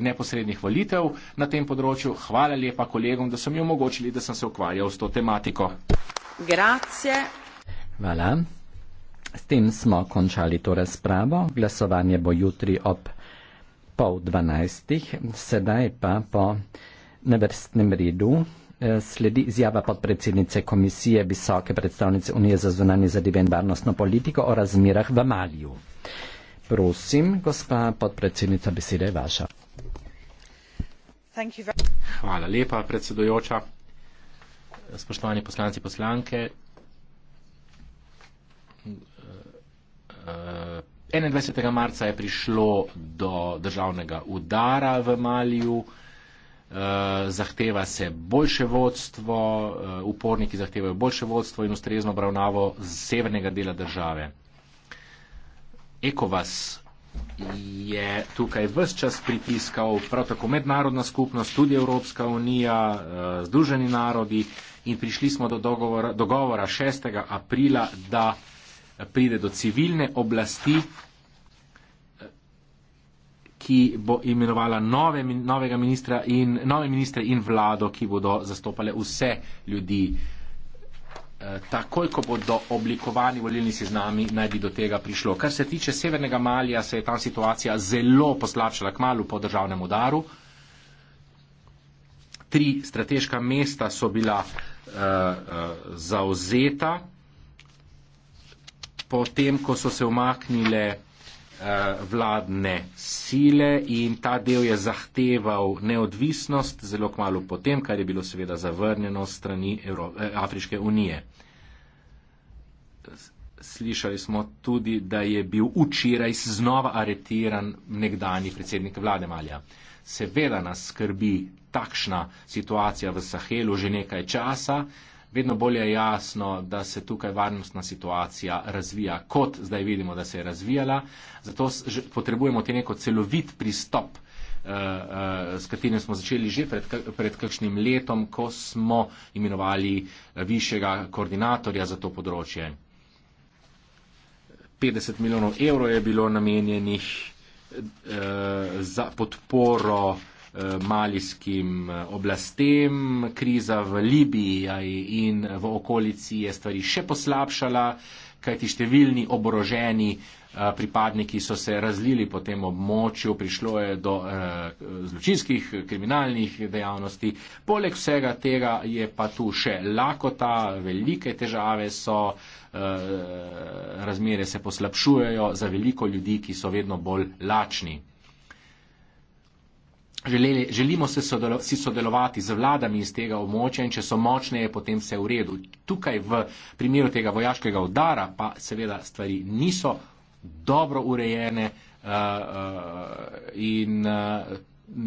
neposrednih volitev na tem področju. Hvala lepa kolegom, da so mi omogočili, da sem se ukvarjal s to tematiko. Grazie. Hvala. S tem smo končali to razpravo. Glasovanje bo jutri ob pol dvanajstih. Sedaj pa po nevrstnem redu eh, sledi izjava podpredsednice Komisije Visoke predstavnice Unije za zunanje zadeve in varnostno politiko o razmerah v Maliju. Prosim, gospa podpredsednica, beseda je vaša. Hvala lepa, predsedujoča. Spoštovani poslanci, poslanke. 21. Eh, marca je prišlo do državnega udara v Maliju. Eh, zahteva se boljše vodstvo, eh, uporniki zahtevajo boljše vodstvo in ustrezno obravnavo z severnega dela države. Ekovas je tukaj vse čas pritiskal, prav tako mednarodna skupnost, tudi Evropska unija, eh, Združeni narodi in prišli smo do dogovora, dogovora 6. aprila, da pride do civilne oblasti, eh, ki bo imenovala nove, novega ministra in nove ministre in vlado, ki bodo zastopale vse ljudi. Eh, takoj, ko bodo oblikovani volilni seznami, naj bi do tega prišlo. Kar se tiče severnega Malija, se je tam situacija zelo poslabšala k malu po državnem udaru. Tri strateška mesta so bila uh, eh, uh, eh, zauzeta, potem, ko so se umaknile uh, vladne sile in ta del je zahteval neodvisnost, zelo k malu potem, kar je bilo seveda zavrnjeno strani Evro Afriške unije slišali smo tudi, da je bil včeraj znova aretiran nekdani predsednik vlade Malja. Seveda nas skrbi takšna situacija v Sahelu že nekaj časa. Vedno bolje je jasno, da se tukaj varnostna situacija razvija, kot zdaj vidimo, da se je razvijala. Zato potrebujemo te neko celovit pristop, eh, eh, s katerim smo začeli že pred, pred kakšnim letom, ko smo imenovali eh, višjega koordinatorja za to področje. 50 milijonov evrov je bilo namenjenih eh, za podporo eh, malijskim eh, oblastem. Kriza v Libiji in v okolici je stvari še poslabšala kajti številni oboroženi eh, pripadniki so se razlili po tem območju, prišlo je do eh, zločinskih, kriminalnih dejavnosti. Poleg vsega tega je pa tu še lakota, velike težave so, eh, razmere se poslabšujejo za veliko ljudi, ki so vedno bolj lačni. Želeli, želimo se sodelo, si sodelovati z vladami iz tega območja in če so močne, je potem vse v redu. Tukaj v primeru tega vojaškega udara pa seveda stvari niso dobro urejene uh, uh, in uh,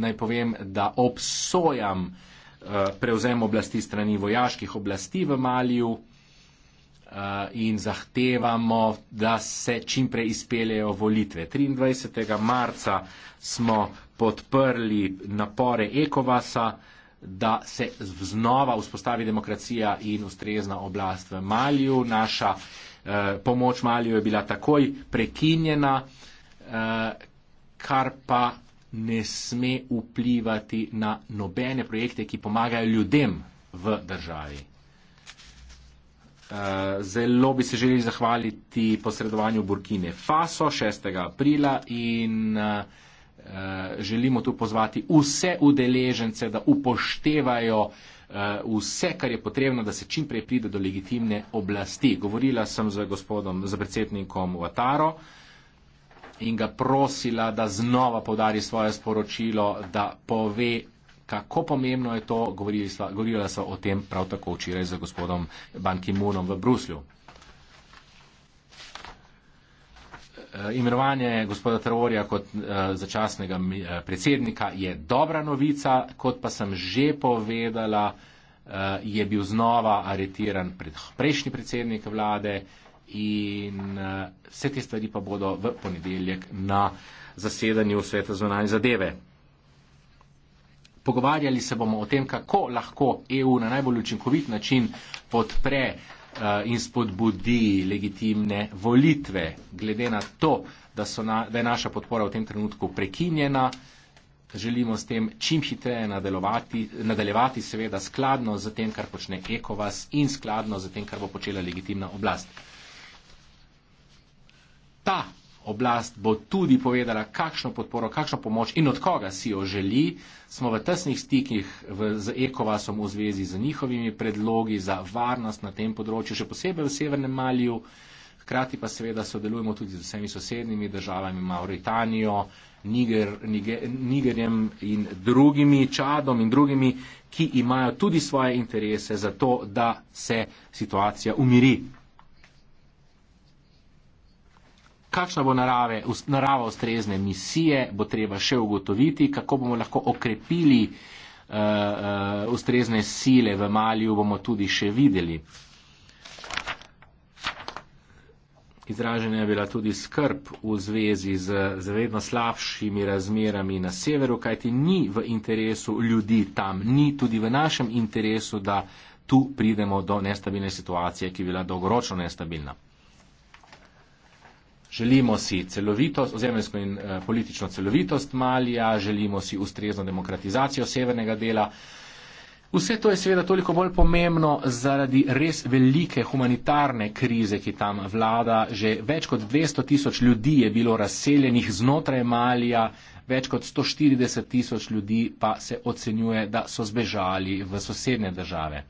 naj povem, da obsojam uh, prevzem oblasti strani vojaških oblasti v Maliju in zahtevamo, da se čimprej izpeljejo volitve. 23. marca smo podprli napore Ekovasa, da se znova vzpostavi demokracija in ustrezna oblast v Malju. Naša eh, pomoč Malju je bila takoj prekinjena, eh, kar pa ne sme vplivati na nobene projekte, ki pomagajo ljudem v državi. Eh, zelo bi se želeli zahvaliti posredovanju Burkine Faso 6. aprila in uh, Eh, želimo tu pozvati vse udeležence, da upoštevajo eh, vse, kar je potrebno, da se čim prej pride do legitimne oblasti. Govorila sem z gospodom, z predsednikom Vataro in ga prosila, da znova podari svoje sporočilo, da pove, kako pomembno je to. Govorila so, govorila so o tem prav tako včeraj z gospodom Bankimunom v Bruslju. Eh, imenovanje gospoda Travorja kot eh, začasnega eh, predsednika je dobra novica, kot pa sem že povedala, je bil znova aretiran pred prejšnji predsednik vlade in vse te stvari pa bodo v ponedeljek na zasedanju sveta zvonanje zadeve. Pogovarjali se bomo o tem, kako lahko EU na najbolj učinkovit način podpre Eh, in spodbudi legitimne volitve, glede na to, da, na, da je naša podpora v tem trenutku prekinjena. Želimo s tem čim hitreje nadaljevati, seveda skladno z tem, kar počne Ekovas in skladno z tem, kar bo počela legitimna oblast. Ta oblast bo tudi povedala, kakšno podporo, kakšno pomoč in od koga si jo želi. Smo v tesnih stikih v, z Ekovasom v zvezi z njihovimi predlogi za varnost na tem področju, še posebej v Severnem Malju. Hkrati pa seveda sodelujemo tudi z vsemi sosednjimi državami, Mauritanijo, Niger, Niger, Nigerjem in drugimi, Čadom in drugimi, ki imajo tudi svoje interese za to, da se situacija umiri. Kakšna bo narave, narava ustrezne misije, bo treba še ugotoviti, kako bomo lahko okrepili uh, uh, ustrezne sile v Maliju, bomo tudi še videli. Izražena je bila tudi skrb v zvezi z, z vedno slabšimi razmerami na severu, kajti ni v interesu ljudi tam, ni tudi v našem interesu, da tu pridemo do nestabilne situacije, ki je bila dolgoročno nestabilna. Želimo si celovitost, ozemensko in e, politično celovitost Malija, želimo si ustrezno demokratizacijo severnega dela. Vse to je seveda toliko bolj pomembno zaradi res velike humanitarne krize, ki tam vlada. Že več kot 200 tisoč ljudi je bilo razseljenih znotraj Malija, več kot 140 tisoč ljudi pa se ocenjuje, da so zbežali v sosednje države.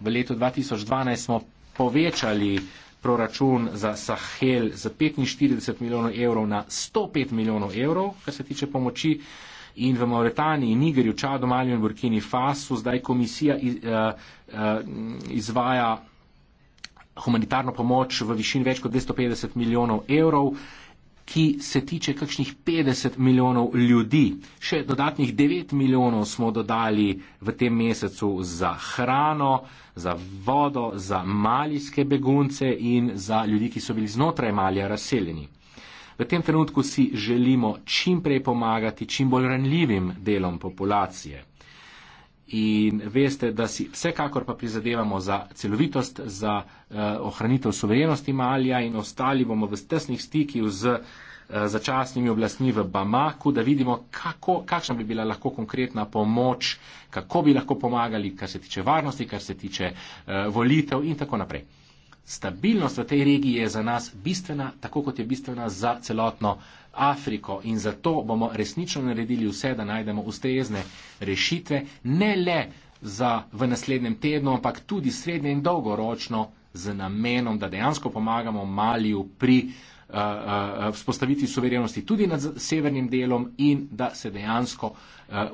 V letu 2012 smo povečali proračun za Sahel z 45 milijonov evrov na 105 milijonov evrov, kar se tiče pomoči. In v Mauretaniji, Nigerju, Čadu, Maliju in Burkini Faso zdaj komisija eh, eh, izvaja humanitarno pomoč v višini več kot 250 milijonov evrov ki se tiče kakšnih 50 milijonov ljudi. Še dodatnih 9 milijonov smo dodali v tem mesecu za hrano, za vodo, za malijske begunce in za ljudi, ki so bili znotraj malja razseljeni. V tem trenutku si želimo čim prej pomagati čim bolj ranljivim delom populacije in veste, da si vsekakor pa prizadevamo za celovitost, za uh, ohranitev suverenosti Malija in ostali bomo v tesnih stikih z eh, začasnimi oblastmi v Bamaku, da vidimo, kako, kakšna bi bila lahko konkretna pomoč, kako bi lahko pomagali, kar se tiče varnosti, kar se tiče uh, volitev in tako naprej stabilnost v tej regiji je za nas bistvena, tako kot je bistvena za celotno Afriko. In zato bomo resnično naredili vse, da najdemo ustrezne rešitve, ne le za v naslednjem tednu, ampak tudi srednje in dolgoročno z namenom, da dejansko pomagamo Maliju pri vzpostaviti soverenosti tudi nad severnim delom in da se dejansko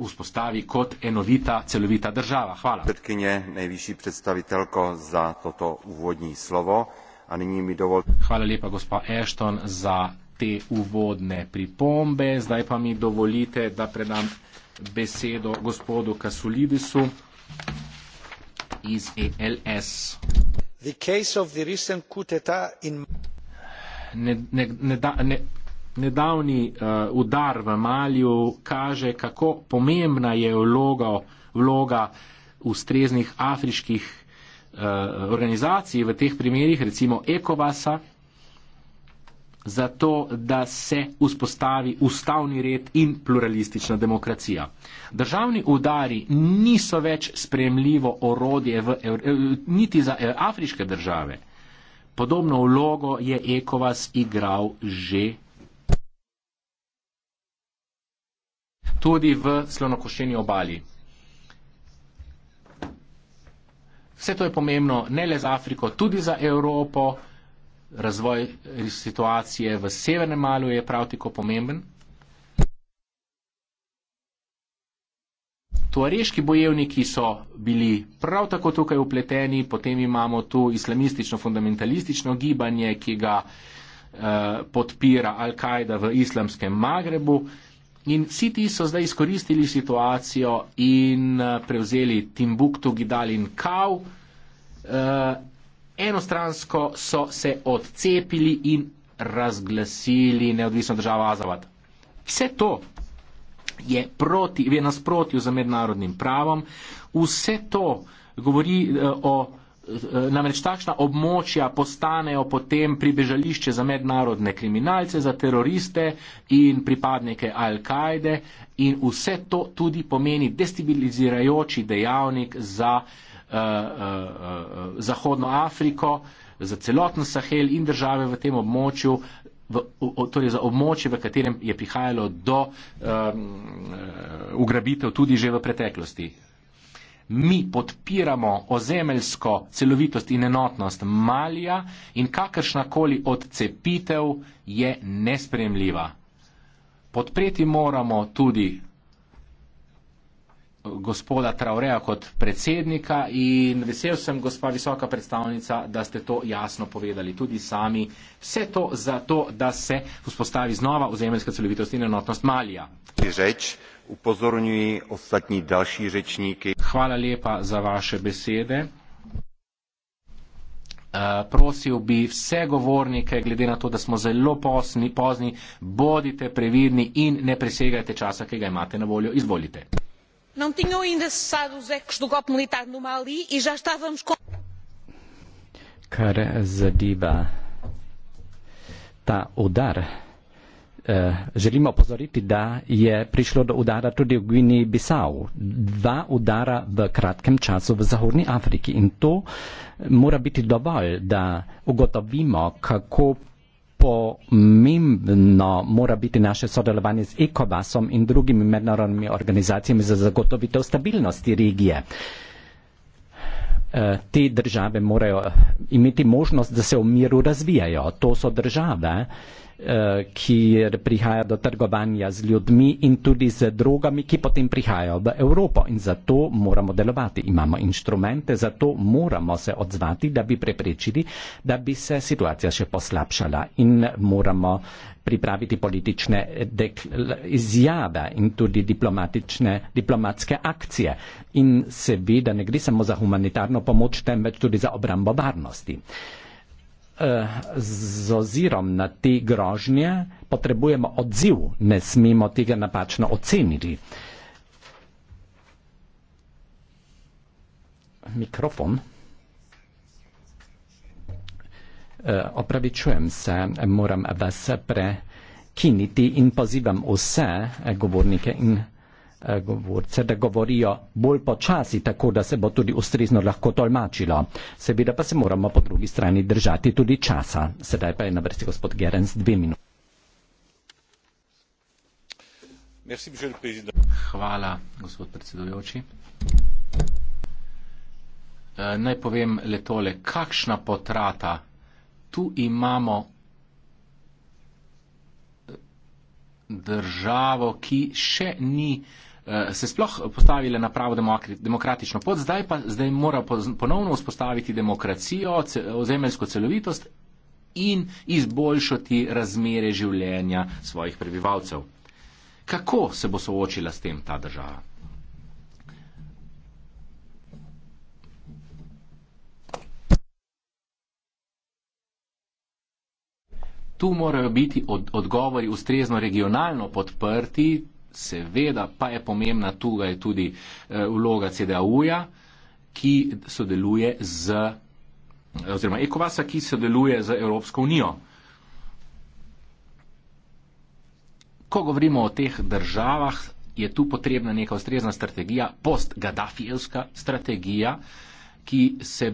vzpostavi kot enovita, celovita država. Hvala. Prkinje, najvišji predstaviteljko za toto uvodni slovo. A nini mi dovolj... Hvala lepa, gospa Ashton, za te uvodne pripombe. Zdaj pa mi dovolite, da predam besedo gospodu Kasulidisu iz ELS. The case of the recent coup d'etat in nedavni uh, udar v Malju kaže, kako pomembna je vloga, vloga ustreznih afriških uh, organizacij v teh primerih, recimo Ekovasa, zato da se vzpostavi ustavni red in pluralistična demokracija. Državni udari niso več spremljivo orodje v, niti za eh, afriške države. Podobno vlogo je Ekovas igral že tudi v slonokošeni obali. Vse to je pomembno ne le za Afriko, tudi za Evropo. Razvoj situacije v Severnem Malu je prav tako pomemben. Tuareški bojevniki so bili prav tako tukaj upleteni, potem imamo tu islamistično-fundamentalistično gibanje, ki ga eh, podpira Al-Kaida v islamskem Magrebu. In vsi ti so zdaj izkoristili situacijo in eh, prevzeli Timbuktu, Gidal in Kau. Eh, enostransko so se odcepili in razglasili neodvisno državo Azavat. Vse to je, proti, je nasprotju za mednarodnim pravom. Vse to govori eh, o eh, namreč takšna območja postanejo potem pribežališče za mednarodne kriminalce, za teroriste in pripadnike Al-Kaide in vse to tudi pomeni destabilizirajoči dejavnik za uh, uh, uh, Zahodno Afriko, za celoten Sahel in države v tem območju, v, o, torej za območje, v katerem je prihajalo do um, eh, ugrabitev um, tudi že v preteklosti. Mi podpiramo ozemeljsko celovitost in enotnost Malija in kakršnakoli odcepitev je nespremljiva. Podpreti moramo tudi gospoda Traoreja kot predsednika in vesel sem, gospa visoka predstavnica, da ste to jasno povedali tudi sami. Vse to zato, da se vzpostavi znova ozemeljska celovitost in enotnost Malija. Reč, upozorňuji ostatni další rečniki. Hvala lepa za vaše besede. Eh, prosil bi vse govornike, glede na to, da smo zelo posni, pozni, bodite previdni in ne presegajte časa, ki ga imate na voljo. Izvolite não tinham ainda cessado os ecos do golpe militar no Mali e já estávamos com. Kar zadeva ta udar, uh, eh, želimo opozoriti, da je prišlo do udara tudi v Gvini-Bisau. Dva udara v kratkem času v Zahodni Afriki in to mora biti dovolj, da ugotovimo, kako pomembno mora biti naše sodelovanje z ECOWASom in drugimi mednarodnimi organizacijami za zagotovitev stabilnosti regije. Eh, te države morajo eh, imeti možnost, da se v miru razvijajo. To so države, Eh, kjer prihaja do trgovanja z ljudmi in tudi z drogami, ki potem prihajajo v Evropo. In zato moramo delovati. Imamo inštrumente, zato moramo se odzvati, da bi preprečili, da bi se situacija še poslabšala. In moramo pripraviti politične izjave in tudi diplomatske akcije. In seveda ne gre samo za humanitarno pomoč, temveč tudi za obrambo varnosti. Uh, Eh, z ozirom na te grožnje potrebujemo odziv, ne smemo tega napačno oceniti. Mikrofon. Eh, opravičujem se, moram vas prekiniti in pozivam vse eh, govornike in govornike govorce, da govorijo bolj počasi, tako da se bo tudi ustrezno lahko tolmačilo. Seveda pa se moramo po drugi strani držati tudi časa. Sedaj pa je na vrsti gospod Gerens dve minuti. Hvala, gospod predsedujoči. E, naj povem le tole, kakšna potrata. Tu imamo e, državo, ki še ni Eh, se sploh postavile na pravo demokratično pot, zdaj pa zdaj mora ponovno vzpostaviti demokracijo, ozemeljsko celovitost in izboljšati razmere življenja svojih prebivalcev. Kako se bo soočila s tem ta država? Tu morajo biti od, odgovori ustrezno regionalno podprti, Seveda pa je pomembna tukaj tudi eh, vloga CDAU-ja, ki sodeluje z, oziroma ECOVAS-a, ki sodeluje z Evropsko unijo. Ko govorimo o teh državah, je tu potrebna neka ustrezna strategija, post-Gaddafijevska strategija, ki,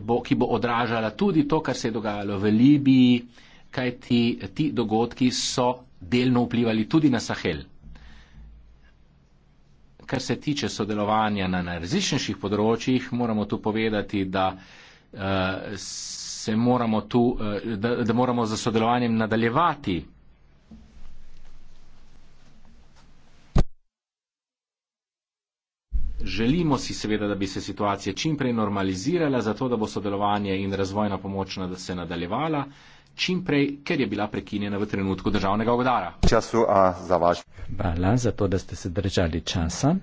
bo, ki bo odražala tudi to, kar se je dogajalo v Libiji, kajti ti dogodki so delno vplivali tudi na Sahel kar se tiče sodelovanja na najrazličnejših področjih, moramo tu povedati, da eh, se moramo tu, eh, da, da moramo za sodelovanjem nadaljevati. Želimo si seveda, da bi se situacija čimprej normalizirala, zato da bo sodelovanje in razvojna pomoč na, se nadaljevala čim prej, ker je bila prekinjena v trenutku državnega udara. Hvala za to, da ste se držali časa.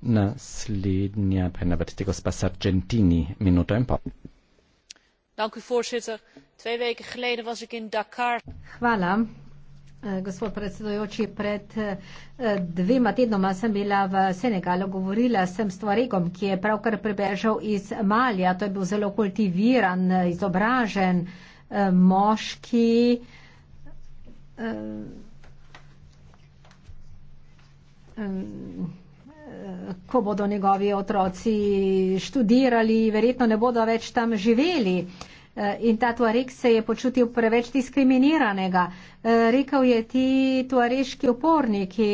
Naslednja pa je na vrsti gospa Sargentini, minuto in pol. Dank u, voorzitter. Twee weken geleden was ik in Dakar. Hvala, eh, gospod predsedujoči. Pred eh, dvema tednoma sem bila v Senegalu, govorila sem s tvoregom, ki je pravkar prebežal iz Malja. To je bil zelo kultiviran, eh, izobražen. Eh, moški, eh, eh, ko bodo njegovi otroci študirali, verjetno ne bodo več tam živeli. In ta tuareg se je počutil preveč diskriminiranega. Rekel je ti tuareški uporniki,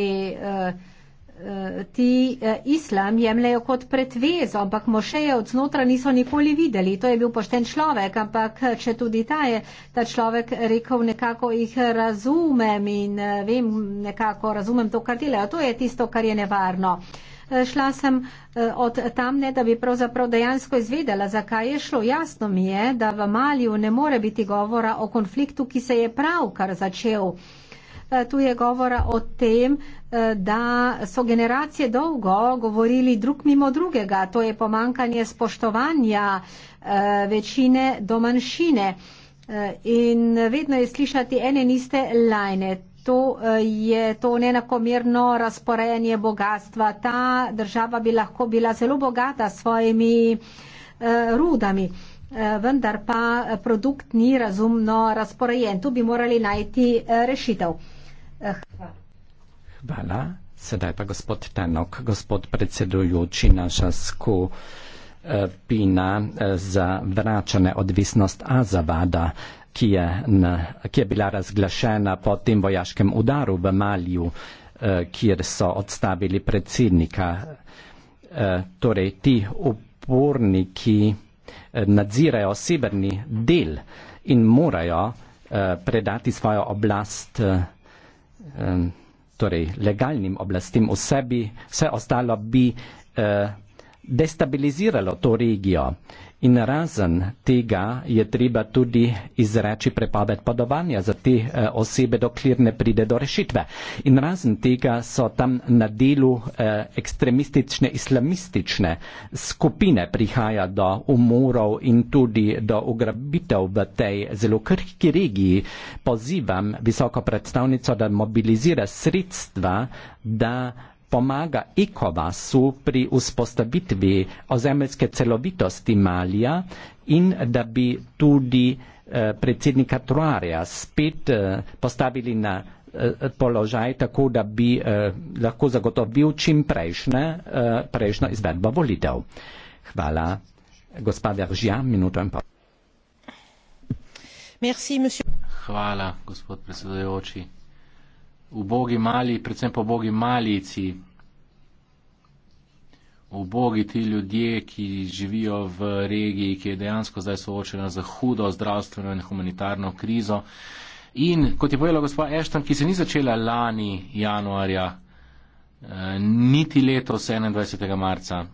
ti eh, islam jemljajo kot pretvezo, ampak mošeje od znotraj niso nikoli videli. To je bil pošten človek, ampak eh, če tudi ta je, ta človek rekel, nekako jih razumem in eh, vem, nekako razumem to, kar delajo. To je tisto, kar je nevarno. Šla sem od tam, ne da bi pravzaprav dejansko izvedela, zakaj je šlo. Jasno mi je, da v Maliju ne more biti govora o konfliktu, ki se je pravkar začel. E, tu je govora o tem, e, da so generacije dolgo govorili drug mimo drugega, to je pomankanje spoštovanja e, večine do manjšine in vedno je slišati ene niste lajne. To je to nenakomerno razporejanje bogatstva. Ta država bi lahko bila zelo bogata s svojimi rudami, vendar pa produkt ni razumno razporejen. Tu bi morali najti rešitev. Hvala. Sedaj pa gospod Tenok, gospod predsedujoči naša skupina eh, za vračanje odvisnost Azavada, ki je, ki je bila razglašena po tem vojaškem udaru v Malju, eh, kjer so odstavili predsednika. Eh, torej, ti uporniki nadzirajo severni del in morajo predati svojo oblast torej legalnim oblastim v sebi, vse ostalo bi eh, destabiliziralo to regijo. In razen tega je treba tudi izreči prepoved podovanja za te eh, osebe, dokler ne pride do rešitve. In razen tega so tam na delu eh, ekstremistične, islamistične skupine prihaja do umorov in tudi do ugrabitev v tej zelo krhki regiji. Pozivam visoko predstavnico, da mobilizira sredstva, da pomaga ECOWASu pri vzpostavitvi ozemeljske celovitosti Malija in da bi tudi eh, predsednika Truarja spet eh, postavili na eh, položaj, tako da bi eh, lahko zagotovil čim prejšnje, eh, prejšnjo izvedbo volitev. Hvala, gospod Veržja, minuto in pol. Merci, Hvala, gospod predsedujoči ubogi mali, predvsem pa ubogi malici, ubogi ti ljudje, ki živijo v regiji, ki je dejansko zdaj soočena za hudo zdravstveno in humanitarno krizo. In kot je povedala gospa Ešton, ki se ni začela lani januarja, eh, niti letos 21. marca.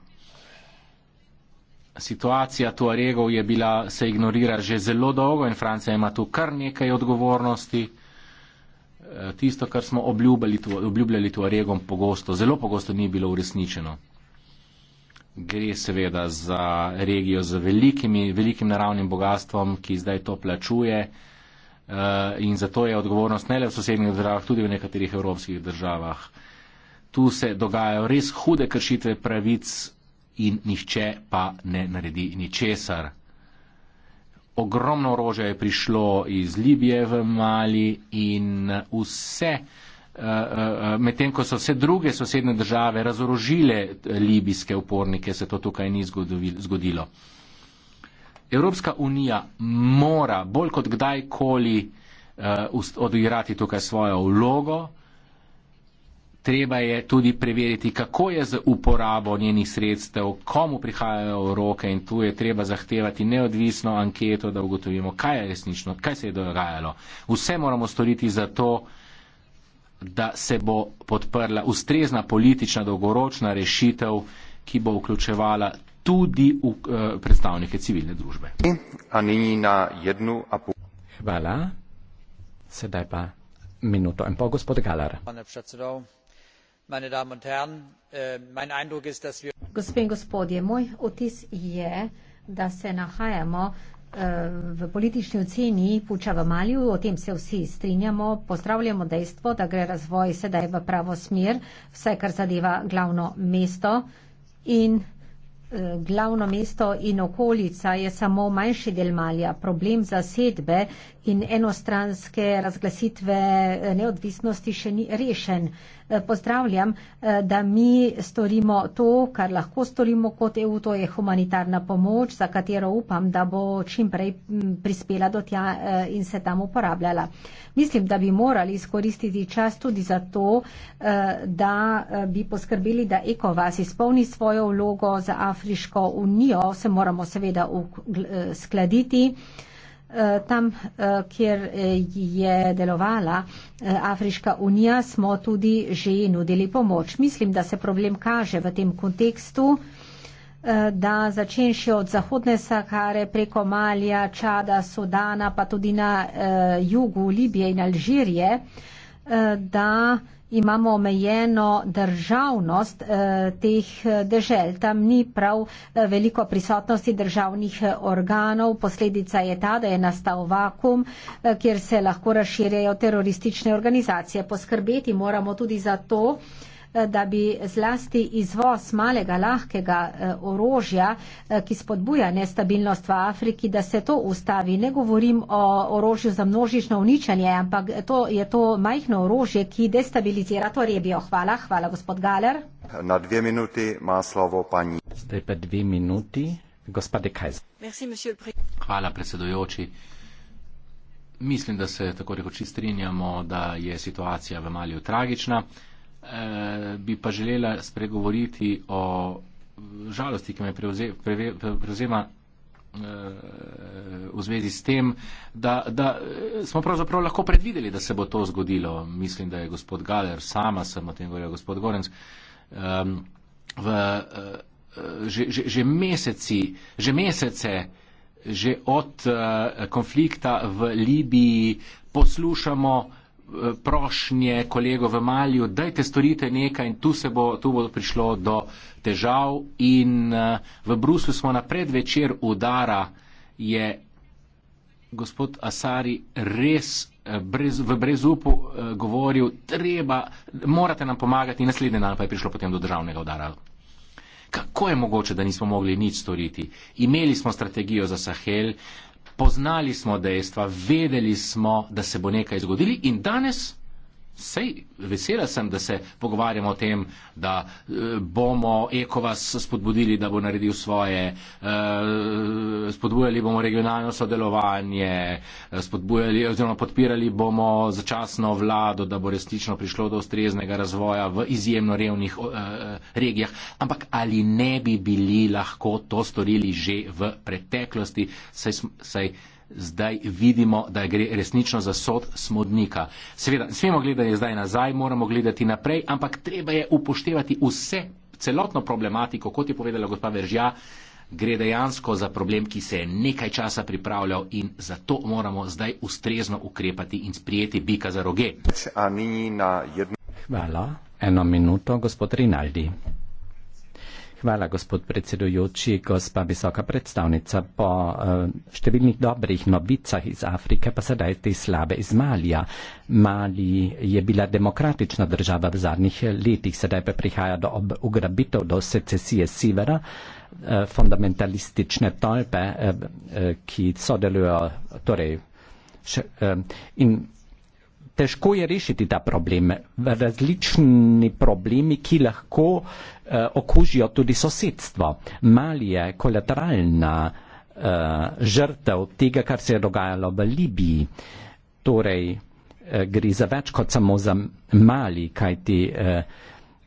Situacija Tuaregov je bila, se ignorira že zelo dolgo in Francija ima tu kar nekaj odgovornosti. Eh, tisto, kar smo obljubljali, obljubljali tu regom, pogosto, zelo pogosto ni bilo uresničeno. Gre seveda za regijo z velikimi, velikim naravnim bogatstvom, ki zdaj to plačuje eh, in zato je odgovornost ne le v sosednjih državah, tudi v nekaterih evropskih državah. Tu se dogajajo res hude kršitve pravic in nihče pa ne naredi ničesar ogromno orožja je prišlo iz Libije v Mali in vse, eh, eh, medtem ko so vse druge sosedne države razorožile eh, libijske upornike, se to tukaj ni zgodilo. Evropska unija mora bolj kot kdajkoli odigrati tukaj svojo vlogo treba je tudi preveriti, kako je z uporabo njenih sredstev, komu prihajajo v roke in tu je treba zahtevati neodvisno anketo, da ugotovimo, kaj je resnično, kaj se je dogajalo. Vse moramo storiti za to, da se bo podprla ustrezna politična dolgoročna rešitev, ki bo vključevala tudi v, eh, uh, predstavnike civilne družbe. Hvala. Sedaj pa minuto in pol, gospod Galar. Hvala, predsedov. Äh, Gospe in gospodje, moj vtis je, da se nahajamo äh, v politični oceni puča v Maliju, o tem se vsi strinjamo, pozdravljamo dejstvo, da gre razvoj sedaj v pravo smer, vse kar zadeva glavno mesto in äh, glavno mesto in okolica je samo manjši del Malja. Problem zasedbe, in enostranske razglasitve eh, neodvisnosti še ni rešen. Eh, pozdravljam, eh, da mi storimo to, kar lahko storimo kot EU, to je humanitarna pomoč, za katero upam, da bo čim prej mm, prispela do tja in se tam uporabljala. Mislim, da bi morali izkoristiti čas tudi za to, da bi poskrbeli, da ECOVAS izpolni svojo vlogo za Afriško unijo. Se moramo seveda skladiti. Eh, tam, eh, kjer eh, je delovala Afriška unija, smo tudi že nudili pomoč. Mislim, da se problem kaže v tem kontekstu, da začenši od Zahodne Sahare preko Malija, Čada, Sudana, pa tudi na jugu Libije in Alžirije, da imamo omejeno državnost eh, teh eh, dežel. Tam ni prav eh, veliko prisotnosti državnih organov. Posledica je ta, da je nastal vakum, kjer se lahko razširjajo teroristične organizacije. Poskrbeti moramo tudi za to, da bi zlasti izvoz malega lahkega eh, orožja, eh, ki spodbuja nestabilnost v Afriki, da se to ustavi. Ne govorim o orožju za množično uničanje, ampak to je to majhno orožje, ki destabilizira to rebijo. Hvala, hvala gospod Galer. Na dve minuti ima slovo pani. Zdaj pa dve minuti, gospode Kajz. Hvala, predsedujoči. Mislim, da se tako rekoči strinjamo, da je situacija v Maliju tragična. Eh, bi pa želela spregovoriti o žalosti, ki me prevzema eh, v zvezi s tem, da, da eh, smo pravzaprav lahko predvideli, da se bo to zgodilo. Mislim, da je gospod Galer, sama sem o tem govorila, gospod Gorenc, v, že, že, že meseci, že mesece, že od konflikta v Libiji poslušamo prošnje kolego v Malju, dajte storite nekaj in tu, bo, tu bo prišlo do težav. In eh, v Bruslu smo na predvečer udara, je gospod Asari res eh, brez, v brezupu eh, govoril, treba, morate nam pomagati in naslednji dan pa je prišlo potem do državnega udara. Kako je mogoče, da nismo mogli nič storiti? Imeli smo strategijo za Sahel, uh, poznali smo dejstva, vedeli smo, da se bo nekaj zgodili in danes Sej, vesela sem, da se pogovarjamo o tem, da e, bomo Ekovas spodbudili, da bo naredil svoje, e, spodbujali bomo regionalno sodelovanje, eh, spodbujali oziroma podpirali bomo začasno vlado, da bo resnično prišlo do ustreznega razvoja v izjemno revnih e, regijah. Ampak ali ne bi bili lahko to storili že v preteklosti? Sej, sej, zdaj vidimo, da gre resnično za sod smodnika. Seveda, smemo gledati zdaj nazaj, moramo gledati naprej, ampak treba je upoštevati vse, celotno problematiko, kot je povedala gospa Veržja, gre dejansko za problem, ki se je nekaj časa pripravljal in zato moramo zdaj ustrezno ukrepati in sprijeti bika za roge. Hvala. Eno minuto, gospod Rinaldi. Hvala, gospod predsedujoči, gospa visoka predstavnica. Po uh, številnih dobrih novicah iz Afrike pa sedaj te slabe iz Malija. Mali je bila demokratična država v zadnjih letih, sedaj pa prihaja do ugrabitev, do secesije severa eh, fundamentalistične tolpe, eh, ki sodelujo torej, še, in težko je rešiti ta problem. Različni problemi, ki lahko eh, okužijo tudi sosedstvo. Mali je kolateralna eh, žrtev tega, kar se je dogajalo v Libiji. Torej, eh, gre za več kot samo za mali, kajti eh,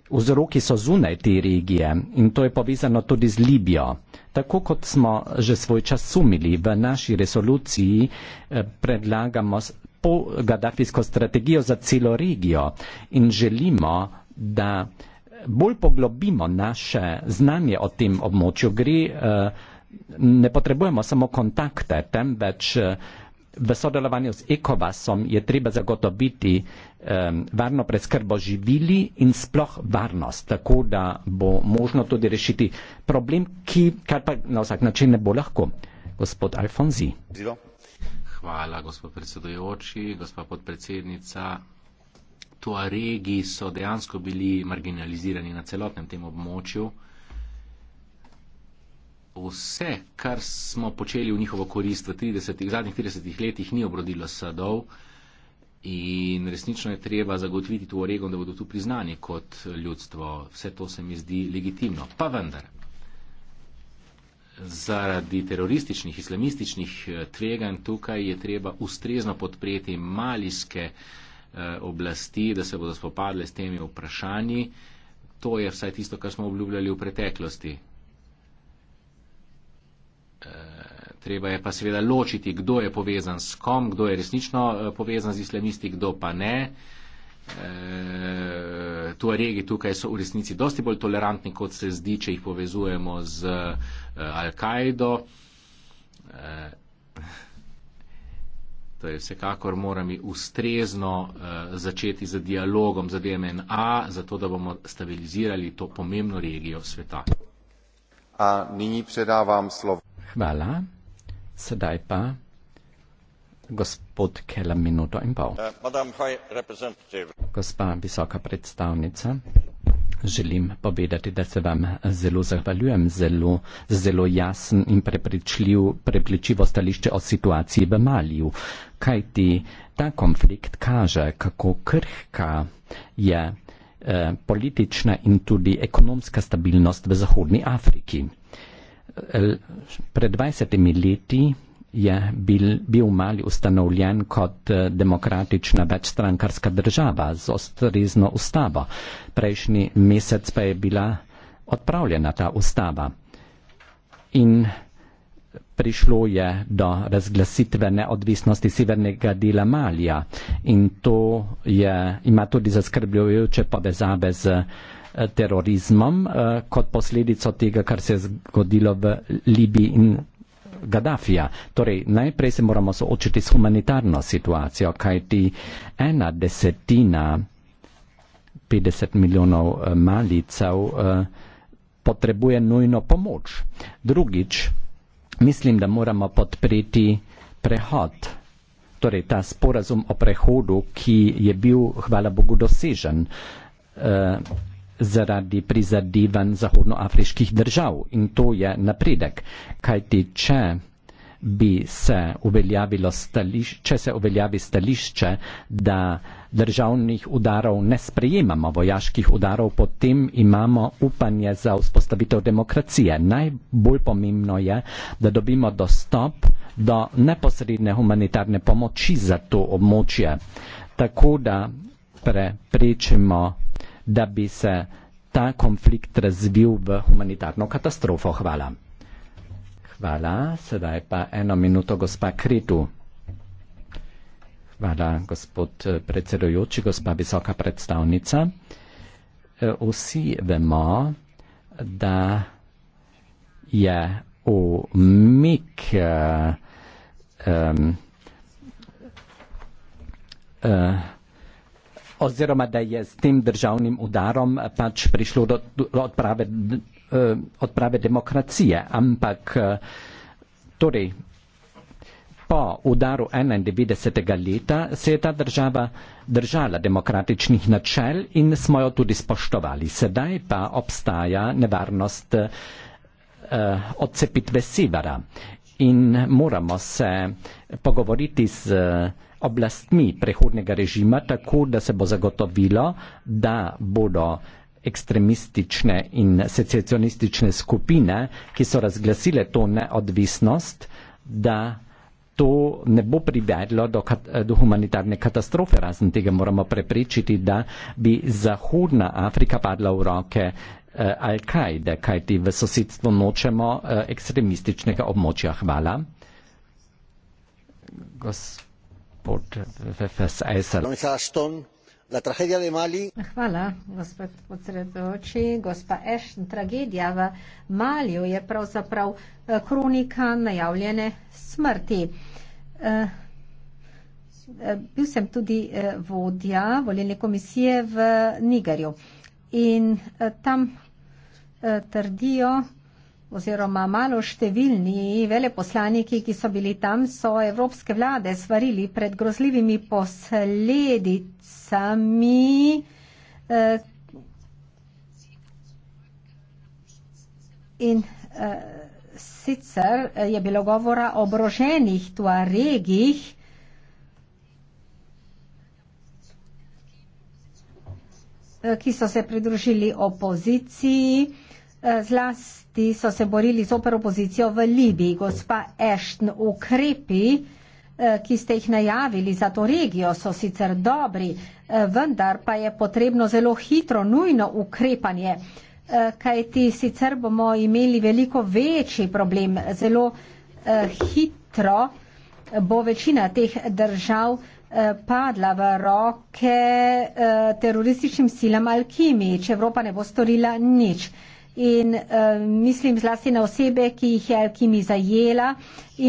vzroki so zunaj te regije in to je povezano tudi z Libijo. Tako kot smo že svoj čas sumili v naši resoluciji, eh, predlagamo po gadafijsko strategijo za celo regijo in želimo, da bolj poglobimo naše znanje o tem območju. Gre, eh, ne potrebujemo samo kontakte, temveč eh, v sodelovanju z ekovasom je treba zagotoviti eh, varno preskrbo živili in sploh varnost, tako da bo možno tudi rešiti problem, ki kar pa na vsak način ne bo lahko. Gospod Alfonzi. Zilo. Hvala, gospod predsedujoči, gospod podpredsednica. Tuaregi so dejansko bili marginalizirani na celotnem tem območju. Vse, kar smo počeli v njihovo korist v 30, zadnjih 30 letih, ni obrodilo sadov in resnično je treba zagotoviti Tuaregom, da bodo tu priznani kot ljudstvo. Vse to se mi zdi legitimno. Pa vendar, zaradi terorističnih, islamističnih eh, tveganj tukaj je treba ustrezno podpreti malijske eh, oblasti, da se bodo spopadle s temi vprašanji. To je vsaj tisto, kar smo obljubljali v preteklosti. Eh, treba je pa seveda ločiti, kdo je povezan s kom, kdo je resnično povezan z islamisti, kdo pa ne. Eh, to regi tukaj so v resnici dosti bolj tolerantni, kot se zdi, če jih povezujemo z eh, Al-Kaido. Eh, torej, vsekakor moram ustrezno uh, začeti z dialogom z DMNA, zato da bomo stabilizirali to pomembno regijo sveta. A nini predavam slovo. Hvala. Sedaj pa gospod Kela minuto in pol. Eh, Gospa visoka predstavnica, želim povedati, da se vam zelo zahvaljujem zelo, zelo jasen in prepričljivo stališče o situaciji v Maliju. Kaj ti ta konflikt kaže, kako krhka je eh, politična in tudi ekonomska stabilnost v Zahodni Afriki. Eh, pred 20 leti je bil, bil Mali ustanovljen kot eh, demokratična večstrankarska država z ostrizno ustavo. Prejšnji mesec pa je bila odpravljena ta ustava in prišlo je do razglasitve neodvisnosti severnega dela Malija in to je, ima tudi zaskrbljujoče povezave z eh, terorizmom eh, kot posledico tega, kar se je zgodilo v Libiji in Gaddafija. Torej, najprej se moramo soočiti s humanitarno situacijo, kajti ena desetina 50 milijonov eh, malicev eh, potrebuje nujno pomoč. Drugič, mislim, da moramo podpreti prehod. Torej, ta sporazum o prehodu, ki je bil, hvala Bogu, dosežen. Eh, zaradi prizadevanj zahodnoafriških držav in to je napredek, kajti če bi se uveljavilo stališče, če se uveljavi stališče, da državnih udarov ne sprejemamo, vojaških udarov, potem imamo upanje za vzpostavitev demokracije. Najbolj pomembno je, da dobimo dostop do neposredne humanitarne pomoči za to območje, tako da preprečimo da bi se ta konflikt razvil v humanitarno katastrofo. Hvala. Hvala. Sedaj pa eno minuto gospa Kritu. Hvala, gospod eh, predsedujoči, gospa visoka predstavnica. Eh, vsi vemo, da je umik um, um, oziroma da je s tem državnim udarom pač prišlo do, do odprave, uh, odprave demokracije. Ampak uh, torej, po udaru 91. leta se je ta država držala demokratičnih načel in smo jo tudi spoštovali. Sedaj pa obstaja nevarnost uh, odcepitve Sivara in moramo se pogovoriti z. Uh, oblastmi prehodnega režima, tako da se bo zagotovilo, da bodo ekstremistične in secesionistične skupine, ki so razglasile to neodvisnost, da to ne bo privedlo do, kat do humanitarne katastrofe. Razen tega moramo preprečiti, da bi Zahodna Afrika padla v roke eh, Al-Kaide, kajti v sosedstvu nočemo eh, ekstremističnega območja. Hvala. Gospod gospod Fefes Eisel. Hvala, gospod podsredoči. Gospa Ashton, tragedija v Maliju je pravzaprav eh, kronika najavljene smrti. Eh, eh, bil sem tudi vodja volilne komisije v Nigerju in tam trdijo, oziroma malo številni veleposlaniki, ki so bili tam, so evropske vlade svarili pred grozljivimi posledicami. Eh, in eh, sicer je bilo govora o broženih tuaregih, eh, ki so se pridružili opoziciji zlasti so se borili z opero opozicijo v Libiji. Gospa Ešten, ukrepi, eh, ki ste jih najavili za to regijo, so sicer dobri, eh, vendar pa je potrebno zelo hitro, nujno ukrepanje, eh, kajti sicer bomo imeli veliko večji problem. Zelo hitro bo večina teh držav padla v roke terorističnim silam Alkimi, če Evropa ne bo storila nič in uh, mislim zlasti na osebe, ki jih je kimi zajela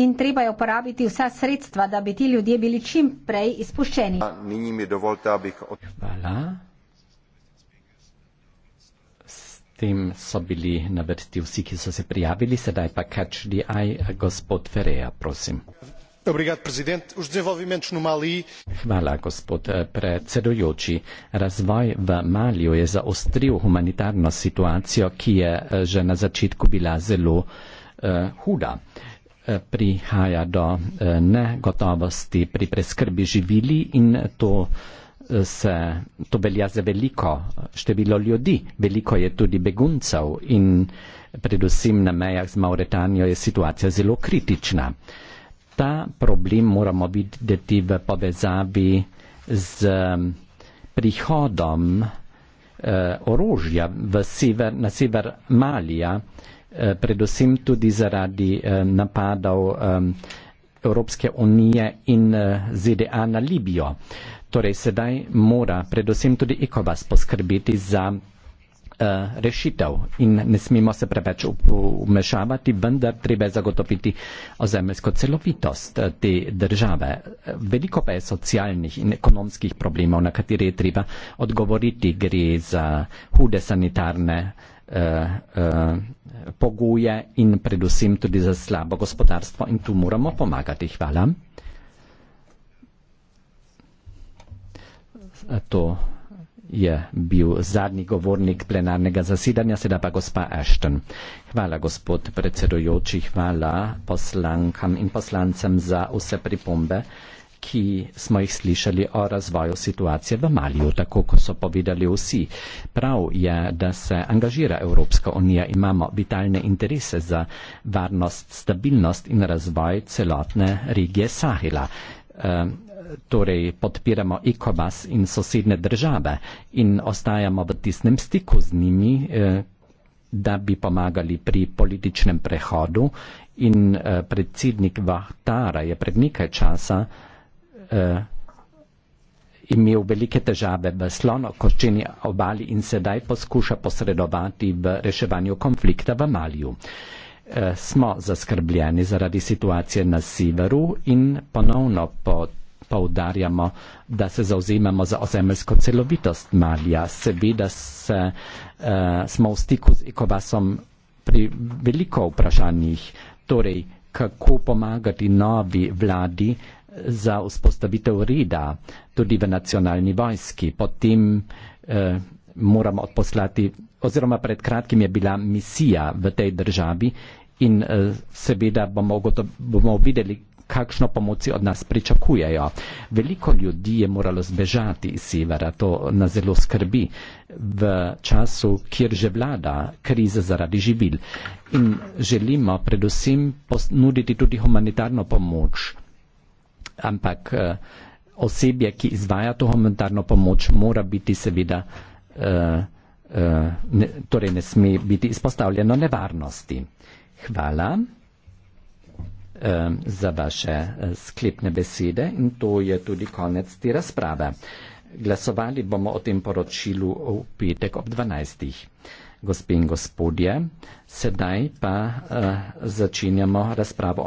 in treba je uporabiti vsa sredstva, da bi ti ljudje bili čim prej izpuščeni. Nini mi dovolite, da bi. Hvala. S tem so bili navrti vsi, ki so se prijavili, sedaj pa catch the eye, gospod Ferreja, prosim. No Hvala, gospod eh, predsedujoči. Razvoj v Maliju je zaostril humanitarno situacijo, ki je eh, že na začetku bila zelo uh, huda. Prihaja do uh, negotovosti pri preskrbi živili in to, se, to velja za veliko število ljudi. Veliko je tudi beguncev in predvsem na mejah z Mauretanijo je situacija zelo kritična ta problem moramo videti v povezavi z um, prihodom eh, orožja v sever, na sever Malija, eh, predvsem tudi zaradi eh, napadov eh, Evropske unije in eh, ZDA na Libijo. Torej sedaj mora predvsem tudi ECOWAS poskrbeti za Eh, rešitev in ne smemo se preveč umešavati, vendar treba je zagotoviti ozemljsko celovitost eh, te države. Veliko pa je socialnih in ekonomskih problemov, na katere je treba odgovoriti. Gre za hude sanitarne eh, eh, pogoje in predvsem tudi za slabo gospodarstvo in tu moramo pomagati. Hvala. Eh, to je bil zadnji govornik plenarnega zasedanja, sedaj pa gospa Ashton. Hvala gospod predsedujoči, hvala poslankam in poslancem za vse pripombe, ki smo jih slišali o razvoju situacije v Maliju, tako kot so povedali vsi. Prav je, da se angažira Evropska unija, imamo vitalne interese za varnost, stabilnost in razvoj celotne regije Sahila. Ehm, torej podpiramo ICOBAS in sosedne države in ostajamo v tisnem stiku z njimi, eh, da bi pomagali pri političnem prehodu in eh, predsednik Vahtara je pred nekaj časa eh, imel velike težave v slonokoščeni obali in sedaj poskuša posredovati v reševanju konflikta v Malju. Smo zaskrbljeni zaradi situacije na Siveru in ponovno pod poudarjamo, da se zauzemamo za ozemeljsko celovitost Malija. Seveda se, uh, smo v stiku z ekovasom pri veliko vprašanjih, torej kako pomagati novi vladi za vzpostavitev reda tudi v nacionalni vojski. Potem uh, moramo odposlati, oziroma pred kratkim je bila misija v tej državi. In uh, seveda bomo, bomo videli, kakšno pomoci od nas pričakujejo. Veliko ljudi je moralo zbežati iz severa, to nas zelo skrbi v času, kjer že vlada kriza zaradi živil. In želimo predvsem nuditi tudi humanitarno pomoč, ampak eh, osebje, ki izvaja to humanitarno pomoč, mora biti seveda, eh, eh, ne, torej ne sme biti izpostavljeno nevarnosti. Hvala. Eh, za vaše eh, sklepne besede in to je tudi konec te razprave. Glasovali bomo o tem poročilu v petek ob 12. Gospe in gospodje, sedaj pa uh, začenjamo razpravo